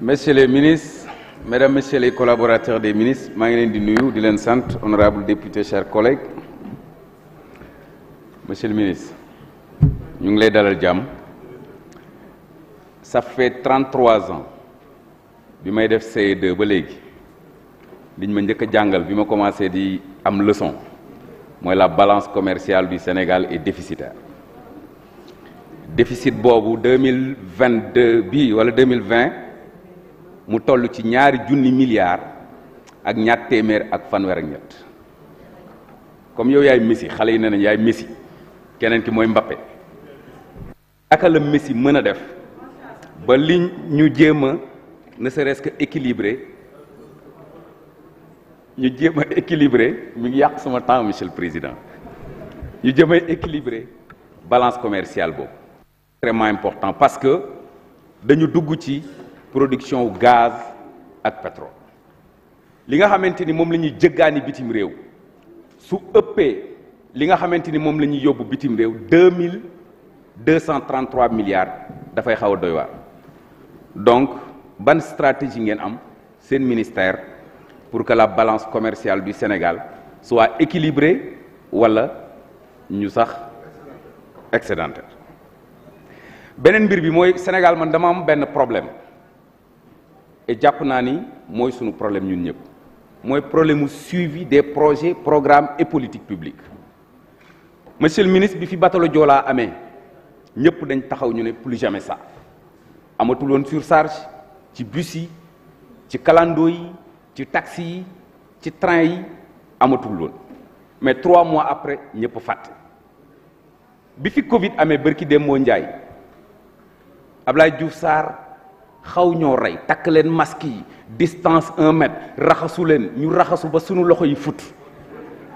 messieurs les ministres mesdames messieurs les collaborateurs des ministres Mme ngi Dylan sant honorable député chers collègues monsieur le ministre ñu ngi lay ça fait 33 ans bi may def CE2 liñ ma njëkk a jàngal bi ma commencé di am leçon moy la balance commerciale du Sénégal est déficitaire déficit bobu 2022 bi wala 2020 mu tollu ci ñaari junni milliards ak ñaat téeméer ak fanweer ak ñett comme yow yaay Messi xalé yi nañ yaay Messi kenen ki moy Mbappé Aka le Messi mëna def ba liñ ñu jéem ne serait-ce que équilibré nous devons équilibrer, nous devons mon temps, Monsieur le Président. Nous devons équilibrer la balance commerciale. C'est très important parce que nous devons la production de gaz et de pétrole. Ce que nous devons faire, c'est que nous devons faire des choses. Si nous devons faire des choses, nous devons faire des choses. 2 233 milliards de dollars. Donc, quelle stratégie vous avez, c'est le ministère pour que la balance commerciale du Sénégal soit équilibrée ou ñu sax excédentaire Benen birbi bi Sénégal man dama am un problème et japp naa ni mooy sunu problème ñun ñëpp Moy problème suivi des projets programmes et politiques publiques monsieur le ministre bi fi batalo jola amé ñëpp dañ taxaw ñu plus jamais ça amatul woon surcharge ci bus yi ci calendrier, ci taxi ci train yi amatul won mais trois mois après ñepp faté bi fi Covid amé barki dem mo ndjay Ablaye Diouf sar xaw ñoo rey leen masque yi distance un mètre raxasu leen ñu raxasu ba suñu loxo yi fut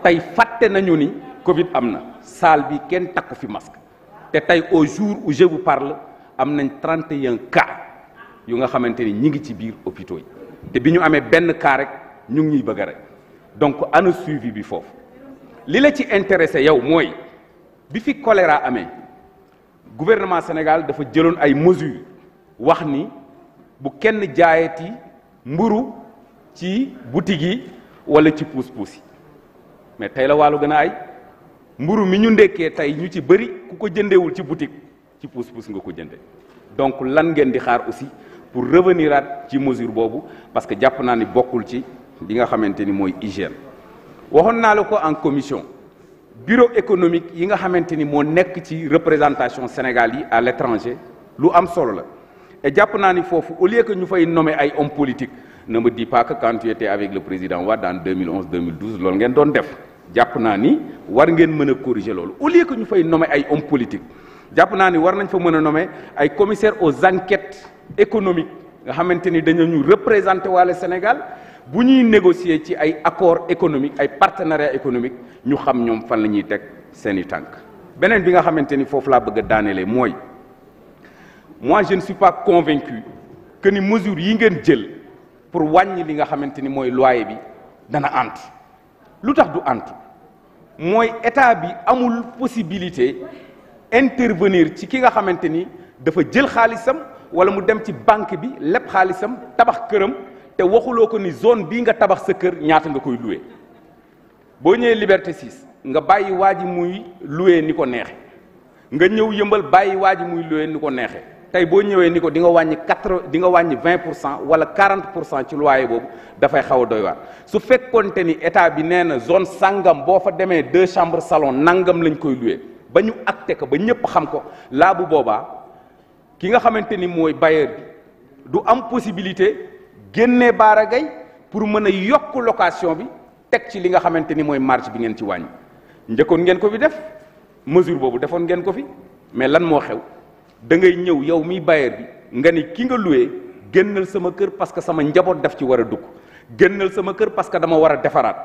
tay faté nañu ni Covid amna, na bi kenn takku fi masque té tay au jour où je vous parle amnañ 31 cas yu nga xamante ñi ngi ci biir hôpitaux te bi ñu amee benn cas rek ñu ngi ñuy bëgg rek donc ana suivi bi foofu li la ci intéressé yow mooy bi fi choléra amee gouvernement Sénégal dafa jëloon ay mesures wax ni bu kenn jaayati mburu ci boutique yi wala ci puus-puus yi mais tey la wàllu gën a ay mburu mi ñu ndekkee tey ñu ci bëri ku ko jëndewul ci boutique ci puus-puus nga ko jënde donc lan ngeen di xaar aussi pour revenir à ci mesure bobu parce que jàpp naa ni ci li nga xamanteni moy mooy hygiène waxoon naa la en commission bureau économique yi nga xamanteni mo nek ci représentation Sénégal yi à l'étranger lu am solo la et jàpp naa au lieu que ñu fay nommer ay hommes politiques ne me dis pas que quand tu étais avec le président Wade en 2011 2012 loolu ngeen doon def jàpp war ngeen meuna corriger loolu au lieu que ñu fay nommer ay hommes politiques politique, naa war nañ fa meuna nommer ay commissaires aux enquêtes économique nga xamante ni dañu représenté waale Sénégal bu ñuy négocier ci ay accords économiques ay partenariats économiques ñu xam ñoom fan la ñuy teg seen i tànk beneen bi nga xamante ni foofu bëgg a moi je ne suis pas convaincu que les mesures yi ngeen jël pour que li nga xamante ni loi loyer bi dana antu lu tax du que l'État état bi amul possibilité intervenir ci ki nga savez, de dafa jël xaalisam. wala mu dem ci banque bi lépp xaalisam tabax këram te waxuloo ko ni zone bii nga tabax sa kër ñaata nga koy loué boo ñëwee Liberté 6 nga bàyyi waa ji muy loué ni ko neexe nga ñëw yëmbal bàyyi waa ji muy loué ni ko neexe tey boo ñëwee ni ko di nga wàññi quatre di nga wàññi vingt pour cent wala quarante pour cent ci loyer boobu dafay xaw a doy waar su fekkoonte ni état bi nee na zone sangam boo fa demee deux chambres salon nangam lañ koy loué ba ñu acté ko ba ñëpp xam ko laa bu boobaa. ki nga xamante ni mooy bailleur bi du am possibilité génnee baara pour mën a yokk location bi teg ci li nga xamante ni mooy marge bi ngeen ci wàññi njëkkoon ngeen ko fi def mesure boobu defoon ngeen ko fi mais lan moo xew da ngay ñëw yow mii bailleur bi nga ni ki nga loué génnal sama kër parce que sama njaboot daf ci war a dugg génnal sama kër parce que dama war a defaraat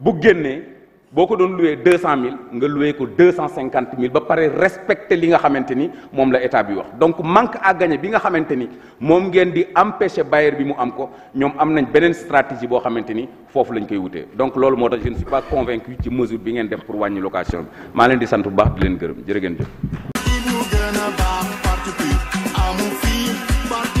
bu génnee Beaucoup tu as 200 000, tu as loué 250 000 pour pouvoir respecter ce que tu sais, c'est ce que l'État dit. Donc, le manque à gagner, ce que tu sais, c'est d'empêcher le bailleur qu'il ait. Ils ont une stratégie pour qu'il ait. C'est ce qu'ils ont Donc, c'est ce je ne suis pas convaincu de la mesure que vous faites pour gagner la location. Je vous de vous remercier. Je vous remercie.